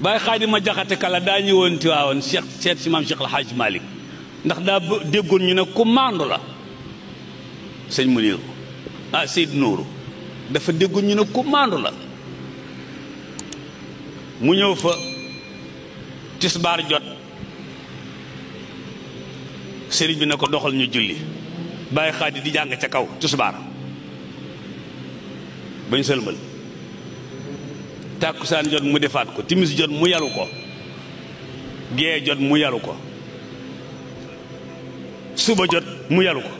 Baye ma Jaxate Kala daa ñëwoon Tiwaawoon Cheikh seet si maam Cheikh El Hadj Malick ndax daa déggoon ñu ne ku maandu la sëñ Muniru ah Seyd Nuuru dafa déggoon ñu ne ku la mu ñëw fa tisbaar jot sëriñ bi ne ko doxal ñu julli Baye Xaadi di jàng ca kaw tisbaar bañ sëlmal tàkkusaan jot mu defaat ko timis jot mu yalu ko gee jot mu yalu ko suba jot mu yalu ko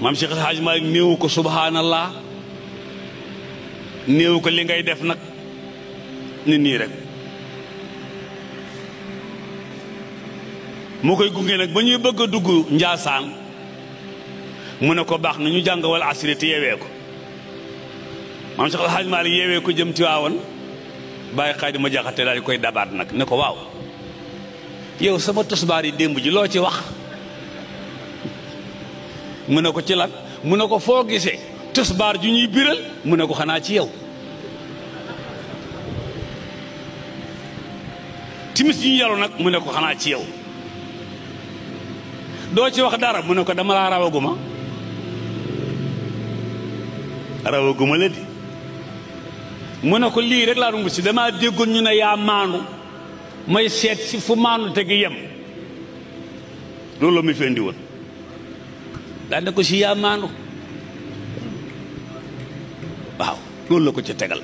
maam Cheikh El Hadj Malick néewu ko subhaanallah néewu ko li ngay def nag ni nii rek moo koy gunge nag ba ñuy bëgg a dugg njaasaan mu ne ko baax na ñu jàng wal asri te yewee ko maam Cheikh Al yeewee ko jëm Tiwaawan bàyyi xaaj ma jaxate daal koy dabaat nag ne ko waaw yow sama tosbaar yi démb ji loo ci wax mu ne ko ci lan mu ne ko foo gisee tosbaar ju ñuy biral mu ne ko xanaa ci yow timis ju ñu nag mu ne ko xanaa ci yow doo ci wax dara mu ne ko dama laa rawaguma rawaguma la mu ne ko lii rek laa doon si damaa déggoon ñu ne yaa maandu may seet si fu maandu te gi yem loolu la muy fendi woon ko si yaa maandu waaw loolu la ko ca tegal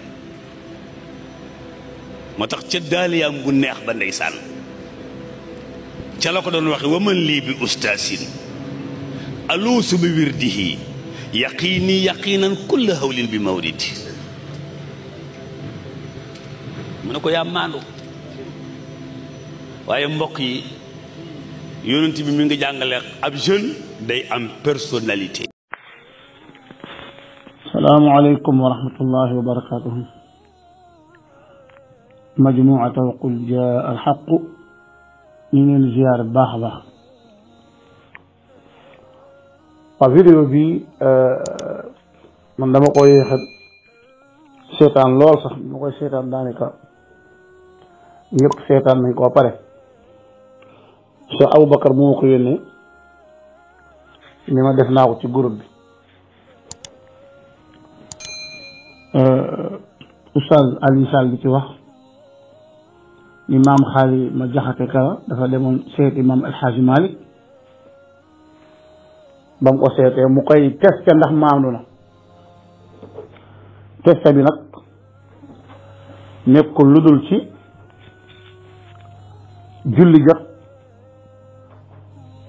moo tax ca daaliyaam bu neex ba ndeysaan ca la ko doon waxe waman lii bi ustaasin aluusu bi wirdihi yaqiini yaqiinan kulla hawlin bi mawridi mu ne ko yaa maandu waaye mbokk yi yonent bi mi ngi jàngale ab jeune day am personnalité salaamualeykum wa rahmatullahi wa barakatuhu majmuata wa qul jaa alxaqu ñu neen ziyaar baax a baax waaw vidéo bi euh, man dama koy seetaan lool sax dama koy seetaan daanaka lépp seetaan nañ ko pare Cheikh Aboubacar moo ko yónnee ni ma def naa ko ci groupe bi euh, oustaz Alioune Sall bi ci wax ni maam xaali ma jaxate kala dafa demoon seeti maam alxaaji Malick ba mu ko seetee mu koy testé ndax maandu na testé bi nag nekkul lu dul ci julli jot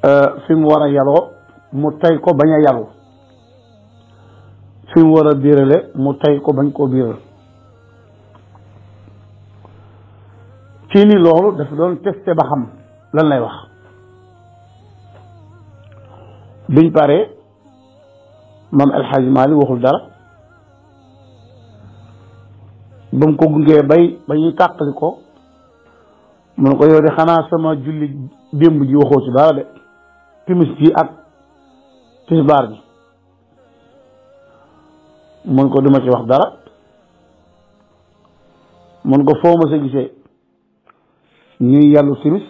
euh, fi mu war a yaloo mu tey ko bañ a yalu fi mu war a biirale mu tey ko bañ koo biiral kii ni loolu dafa doon testé ba xam lan lay wax biñ paree maam El Hadj Mali waxul dara ba mu ko gungee bay ba ñuy tàqali ko mun ko yow de xanaa sama julli démb ji waxoo ci dara de timis ji ak tisbaar ji mun ko duma ci wax dara mun ko foo ma sa gisee ñuy yàllu timis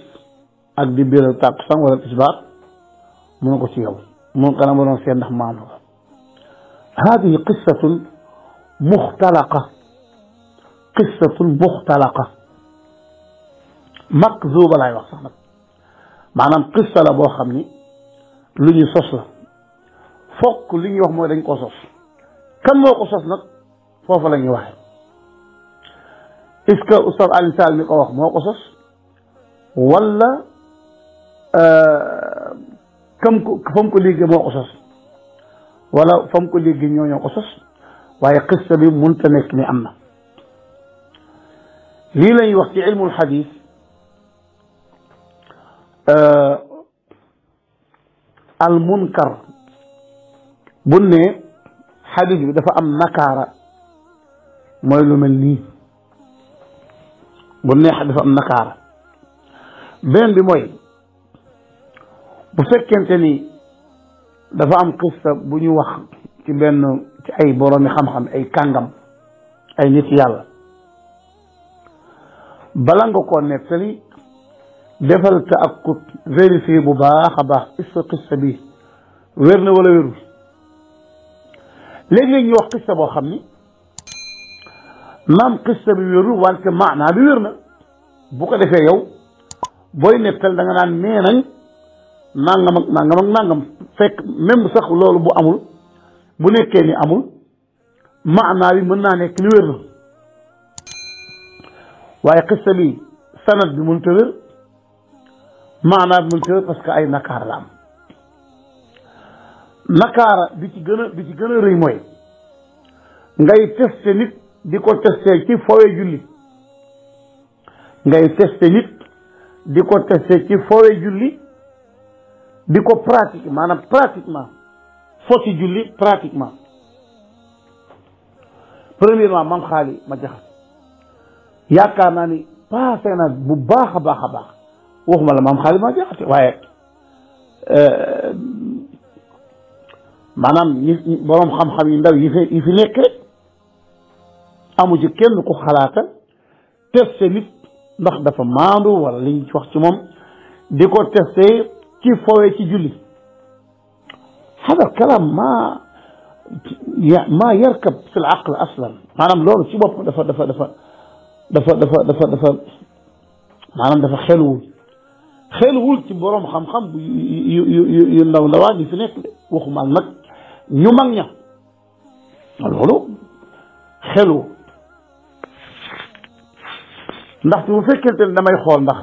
ak di biral tàkkusaan wala tisbaar mun ko ci yow mun ko na ma doon seet ndax maam ko hadihi qissatun muxtalaqa qissatun muxtalaqa مكذوب لاي واخ صاحنا مانام قصه لا بو خامني لو ني سوس لا فوك لي ني واخ موي دنج كو سوس كان موكو سوس نا فوفا لا ني واخ اسكو استاذ علي سال مي كو واخ موكو سوس ولا ا كم فم كو ليغي موكو سوس ولا فم كو ليغي ньо ньо كو سوس واي قصه بي مونتا نيك ني امنا li lañ wax ci ilmu lhadith Euh, al munkar bu ne xadis bi dafa am nakaara mooy lu mel nii bu ne dafa am nakaara beneen bi mooy bu fekkente ni dafa am xista bu ñu wax ci benn ci ay boroomi xam-xam ay kàngam ay nit yàlla bala nga koo nettali defal ta ak ku vérifier bu baax a baax est-ce que xissa bi wér na wala wérul léegi ñu wax xissa boo xam ni maam xissa bi wérul wante maanaa bi wér na bu ko defee yow booy nettal da nga naan nee nañ nangam ak loolu bu amul bu nekkee ni amul maanaa bi mën naa nekk ni wér na waaye xissa bi sanad bi mënut wér maanaam mu ca parce que ay nakaar la am nakaara bi ci gën a bi ci gën a rëy mooy ngay teste nit di ko teste ci fowe julli ngay teste nit di ko teste ci fowe julli di ko pratique maanaam pratiquement fo ci julli pratiquement premièrement mam xaali ma jaxas yaakaar naa ni passé na bu baax a baax a baax waxuma la maam xaalis maa jaxate waaye maanaam ñi borom xam-xam yi ndaw yi fi yi fi nekk rek amu ci kenn ku xalaata testé nit ndax dafa maandu wala liñ wax ci moom di ko testé ci fowee ci julli hada kalam ma ma yarkab fi laql aslan maanaam loolu ci bopp dafa dafa dafa dafa dafa dafa dafa maanaam dafa xeluwul xel wul ci borom xam-xam yu yu yu ndaw ndawaan yi fi nekk waxuma nag ñu mag ña loolu xelu ndaxte bu fekkente ne damay xool ndax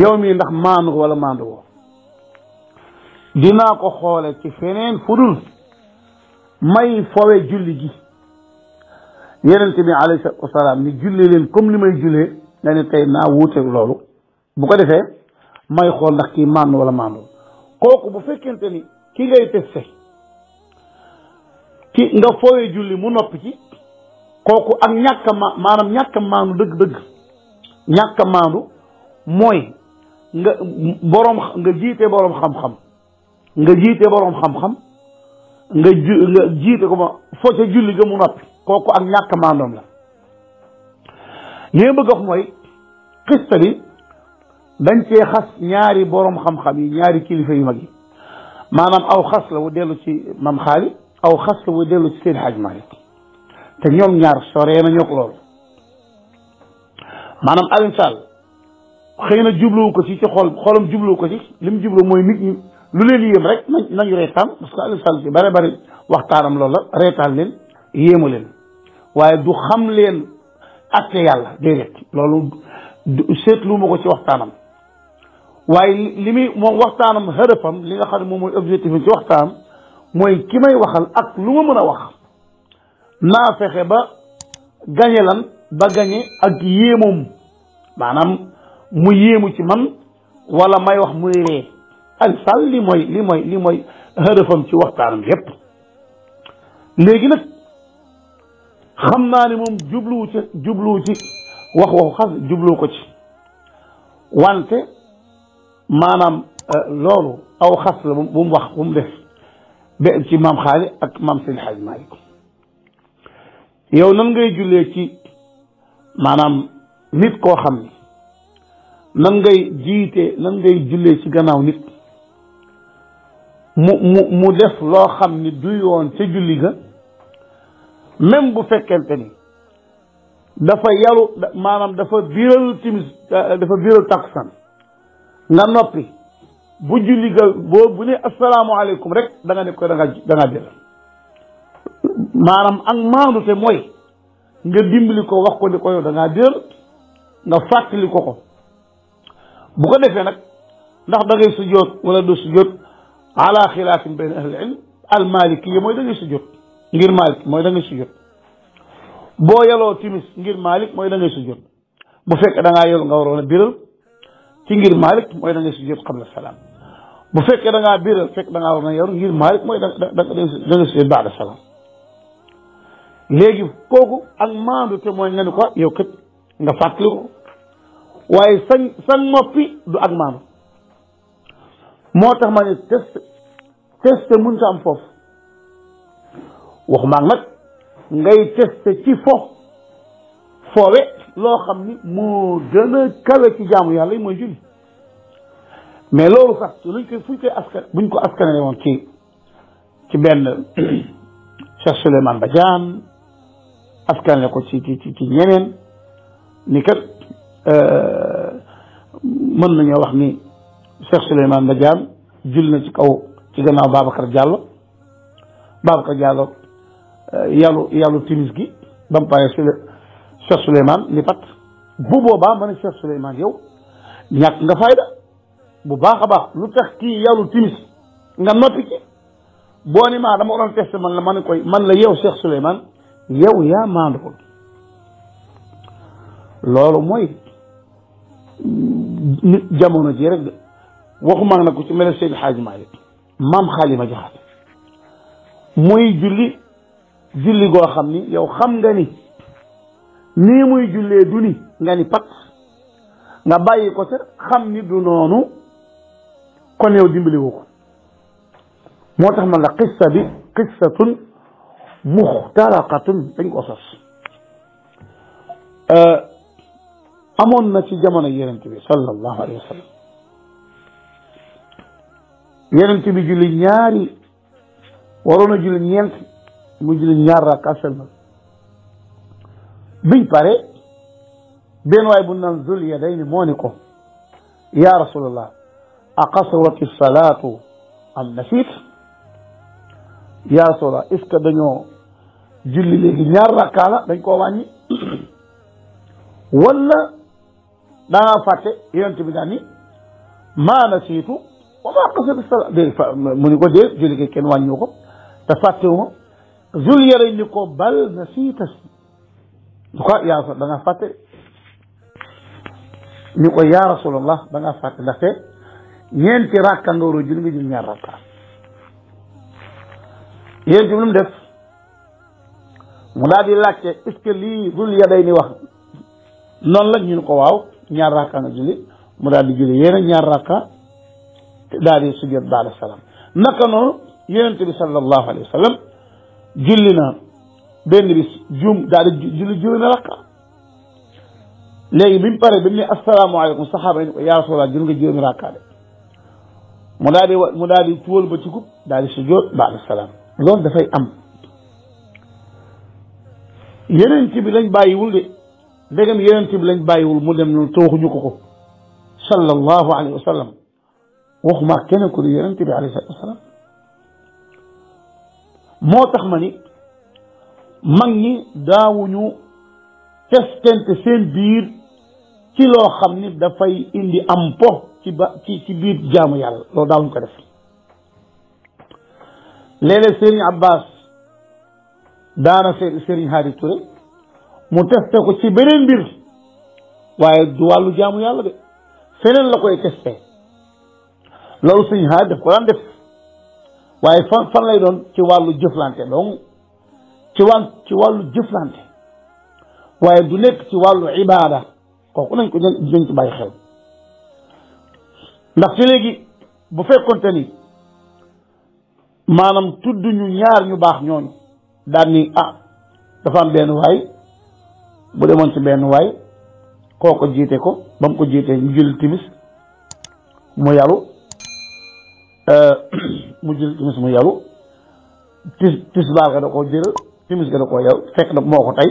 yow mii ndax maandu wala maandu woo dinaa ko xoole ci feneen fudul may fowe julli gi yenente bi alayhi salaatu wasalaam ni julli leen comme li may jullee nga ne tey naa wuuteeg loolu bu ko defee may xool ndax kii maandu wala maandu kooku bu fekkente ni ki ngay testé ki nga fooyee julli mu noppi ci kooku ak ñàkk a dëgg-dëgg ñàkk mooy boroom nga jiite boroom xam-xam jiite boroom xam-xam nga ju kooku ak ñàkk maandoom la li bëgg a wax mooy xista dañ cee xas ñaari borom xam-xam yi ñaari kilifa yu mag yi maanaam aw xas la wu dellu ci mam xaali aw xas la wu dellu ci seen xaaj Malik te ñoom ñaar soree na ñoo ko loolu maanaam Alioune xëy na jubluwu ko ci ci xol xolam jubluwu ko ci li mu jublu mooy nit ñi lu leen yéem rek nañ nañu reetaan parce que Alioune Sall ci bare bare waxtaanam loolu reetaan leen yéemu leen waaye du xam leen atte yàlla déedéet loolu seetlu ma ko ci waxtaanam waaye li muy moom waxtaanam xërëfam li nga xam ne moom mooy objectif ci waxtaan mooy ki may waxal ak lu ma mën a wax naa fexe ba gañe lan ba gañe ak yéemoom maanaam mu yéemu ci man wala may wax muy ree al sal li mooy li mooy li mooy xërëfam ci waxtaanam yépp léegi nag xam naa ne moom jubluwu ci jubluwu ci wax waxu xas jubluwu ko ci wante maanaam loolu aw xas la bu mu wax bu mu def ba ci maam xaali ak maam seen xaj Maalik yow nan ngay jullee ci maanaam nit koo xam ni nan ngay jiite nan ngay jullee ci gannaaw nit mu mu mu def loo xam ni du yoon ca julli ga même bu fekkente ni dafa yaru maanaam dafa biral timis dafa biral takkusaan nga noppi bu julli ga boo bu ne asalaamaaleykum rek da nga ne koy da nga da nga jël maanaam ak maandu te mooy nga dimbali ko wax ko ni ko yow da nga fàttali ko ko bu ko defee nag ndax da ngay sujjoot wala du sujjoot ala xilaafin bayna ahli ilm al malikiya mooy da ngay sujjoot ngir malik mooy da ngay sujjoot boo yeloo timis ngir malik mooy da ngay sujjoot bu fekkee da ngaa nga waroon a biral ci ngir Malick mooy da ngay sujjóot qabla salaam bu fekkee da ngaa biiral fekk da war na yor ngir Malick mooy da da nga sujjóot ba'da salaam léegi kooku ak maandu te mooy nga ni ko yow kat nga fàttali ko waaye sañ noppi du ak maandu moo tax ma ne test test mënut a am foofu waxumaa nag ngay test ci foofu. foowe loo xam ni mu gën a kawe ci jaamu yàlla yi mooy julli mais loolu sax luñ koy fuñ koy askan buñ ko askanale woon ci ci benn Cheikh Souleymane Badiane askanale ko ci ci ci ñeneen ni kat euh, mën nañoo wax ni Cheikh Souleymane Badiane julli na ci kaw ci gannaaw Babacar Diallo Babacar Diallo euh, yàllu yàllu timis gi ba mu Cheikh Souleymane ni pat bu boobaa ma ne Cheikh Souleymane yow ñàkk nga fayda bu baax a baax lu tex kii yàllu timis nga noppi ci boo ni maa dama doon testé man la man koy man la yow Cheikh Souleymane yow yaa maandool loolu mooy mm, jamono ji rek waxuma na ko ci mel Seydi Hadji Malick maam Xalima Jaxate muy julli julli goo xam ni yow xam nga ni nii muy jullee du ni nga ni pat nga bàyyi ko sa xam ni du noonu kon yow moo tax man la qissa bi qissatun muxtaraqatun dañ ko sos euh, amoon na ci jamono yonent bi sallallahu alayhi wa sallam yonent bi julli ñaari waroon julli ñeent mu julli ñaar rakaa selmal biñ pare benn waay bu naan zul yadayni moo ko ya rasulallah aqasrati salaatu am nasit ya rasulallah est que dañoo julli léegi ñaar rakkaa dañ ko wàññi wala dangaa fàtte yonent bi maa nasiitu wa maa qasartu salaat dé mu ko dée julli gi kenn wàññiwu ko te fàttewuma zul yadayni ko bal nasiita du ko yaa da nga fàtte ñu ko yaa rasulallah da nga fàtte ndaxte ñeenti rakka nga war a jul nga jul ñaar rakka yéen ci mu def mu daal di laajte est ce lii dul yaday ni wax noonu la ñu ne ko waaw ñaar rakka nga julli mu daal di julli yeneen ñaar rakka te daal di sujjat baada salaam naka noonu yonent bi sallallahu alayhi wa julli na benn bis juum daal di julli juróomi rakka léegi bi mu pare bi mu ne asalaamaaleykum saxaaba yi rasulallah jël nga juróomi rakka de mu daal di ba ci kub daal di sujjoot baada salaam loolu dafay am yeneen ci bi lañ bàyyiwul de ndegam yeneen ci bi lañ bàyyiwul mu dem noonu tooxuñu ko ko sallallahu alayhi wa sallam waxuma kenn ku ne yeneen ci bi alayhi salaam moo tax ma ni mag ñi daawuñu testante seen biir ci loo xam ni dafay indi am po ci ba ci ci biir jaamu yàlla loolu daawuñu ko def léeg-léeg Serigne Abbas daana Serigne Hadi Touré mu testé ko ci beneen mbir waaye du wàllu jaamu yàlla de feneen la koy testé loolu Serigne Hadi daf ko daan def waaye fan fan lay doon ci wàllu jëflante donc ci wàll ci wàllu jëflante waaye du nekk ci wàllu ibaada kooku nañ ko dinañ ci bàyyi xel ndax te léegi bu fekkonte ni maanaam tudd ñu ñaar ñu baax ñooñu daan ni ah dafa am benn waay bu demoon ci benn waay kooko jiite ko ba ko jiitee ñu jël timis mu yalu euh, mu jël timis mu yalu tis tisbaar ga da koo jëral timis gën a koo yow fekk na moo ko tey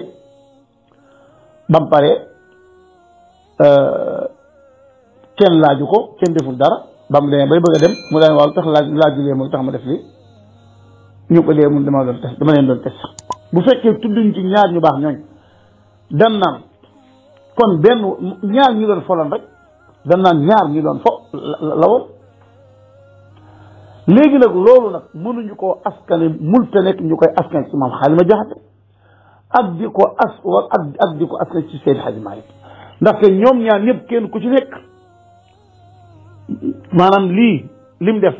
bam pare euh, kenn laaju ko kenn deful dara bam demee bay bëgg a dem mu daan waaw tax laaj laajulee mooy tax ma def lii ñu ko dee mun dama doon test dama leen doon test bu fekkee tudduñ ci ñaar ñu baax ñooñ dan naan kon benn ñaar ñu doon foloon rek dan ñaar ñu doon fo la woon léegi nag loolu nag mënuñu koo askane mënta nekk ñu koy askan ci maam xaalima jaxate ak di ko as ak ak di ko askan ci ñoom ñaar ñëpp kenn ku ci nekk maanaam lii lim def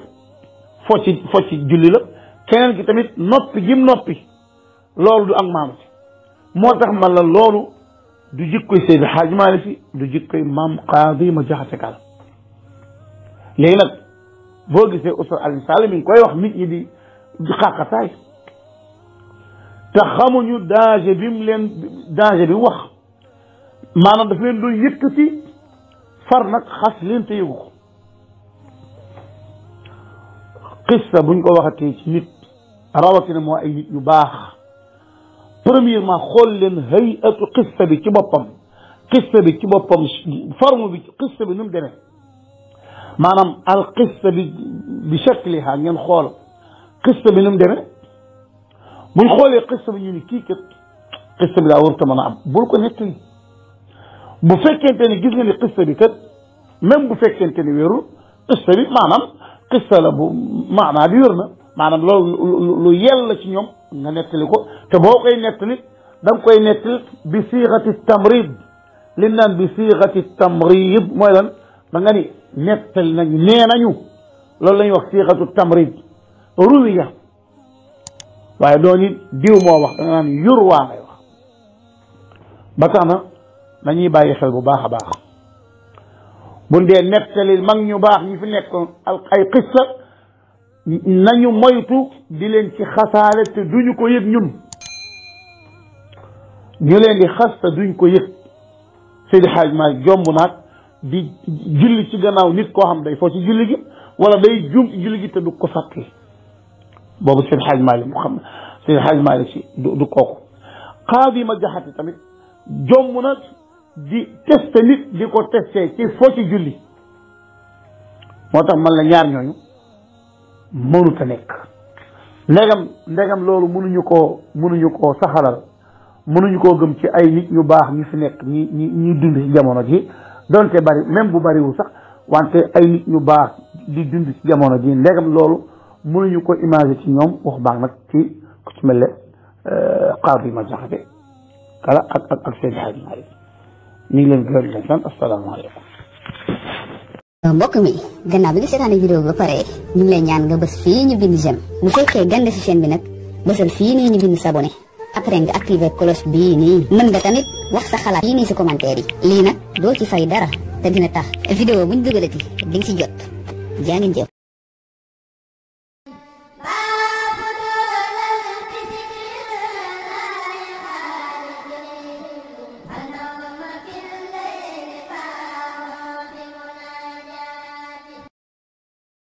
fo ci fo ci julli la keneen ki tamit noppi gim noppi loolu du ak maam moo tax man loolu du jikkoy Seydi Hadji Malick si du jikkoy maam Xaalima jaxate kala léegi nag boo gisee Oustaz Alioune Sall mi ngi koy wax nit ñi di xàqataay te xamuñu danger bi mu leen danger bi mu wax maanaam daf leen doon yëkkati far nag xas leen te yëgu ko buñ ko waxatee ci nit rawatina moo ay nit ñu baax premièrement xool leen hayatu xista bi ci boppam xista bi ci boppam forme bi xista bi nu mu maanaam alqissa bi bi shakliha ngeen xool qissa bi nu mu demee buñ xoolee qissa bi ñu ni kii kat qissa bi daa warut a mën a am bul ko nettali bu fekkente ni gis nga ni qissa bi kat même bu fekkente ni wérul qissa bi maanaam qissa la bu maanaa bi wér na maanaam loolu lu yella ci ñoom nga nettali ko te boo koy nettali da nga koy nettali bi siixati tamrid li naan bi siixati tamrid mooy lan da nga ni نتل نج نينانيو لولا يوك سيغة التمريض روية ويدوني ديو مو وقت نان يروا مي وقت بطانا نني باي خلق باها باها بون دي نتل المغنيو باها يفي نتل القاي قصة نانيو ميتو دي لين سي خسالة دونيو كو يب نيوم نيو لين دي خسالة دونيو كو يب سيدي حاج ما جومبو ناك di julli ci gannaaw nit koo xam day foo ci julli gi wala day juum ci julli gi te du ko fàtte boobu seen xaaj Maalik mu xam seen xaaj Maalik ci du du kooku xaadi ma jaxati tamit jomm na di teste nit di ko teste ci foo ci julli moo tax man la ñaar ñooñu mënut a nekk ndegam ndegam loolu mënuñu koo mënuñu koo saxalal mënuñu koo gëm ci ay nit ñu baax ñu fi nekk ñi ñi ñuy dund jamono ji donte bari même bu bariwul sax wante ay nit ñu baax di dund ci jamono ji ndegam loolu mënuñu ko imagé ci ñoom wax baax nag ci ku ci mel ne xaar yi ma jaxate kala ak ak ak seen xaaj maari ñu ngi leen gërëm leen sant asalaamaaleykum mbokk mi gannaaw bi nga seetaane vidéo bi ba pare ñu ngi lay ñaan nga bës fii ñu bind j'aime bu fekkee gande si chaîne bi nag bësal fii nii ñu bind s'abonné après nga activé cloche bii nii mën nga tamit wax sa xalaat fii nii si yi doo ci fay dara te dina tax vidéo bu ñu dugalati di nga si jot jaa ngeen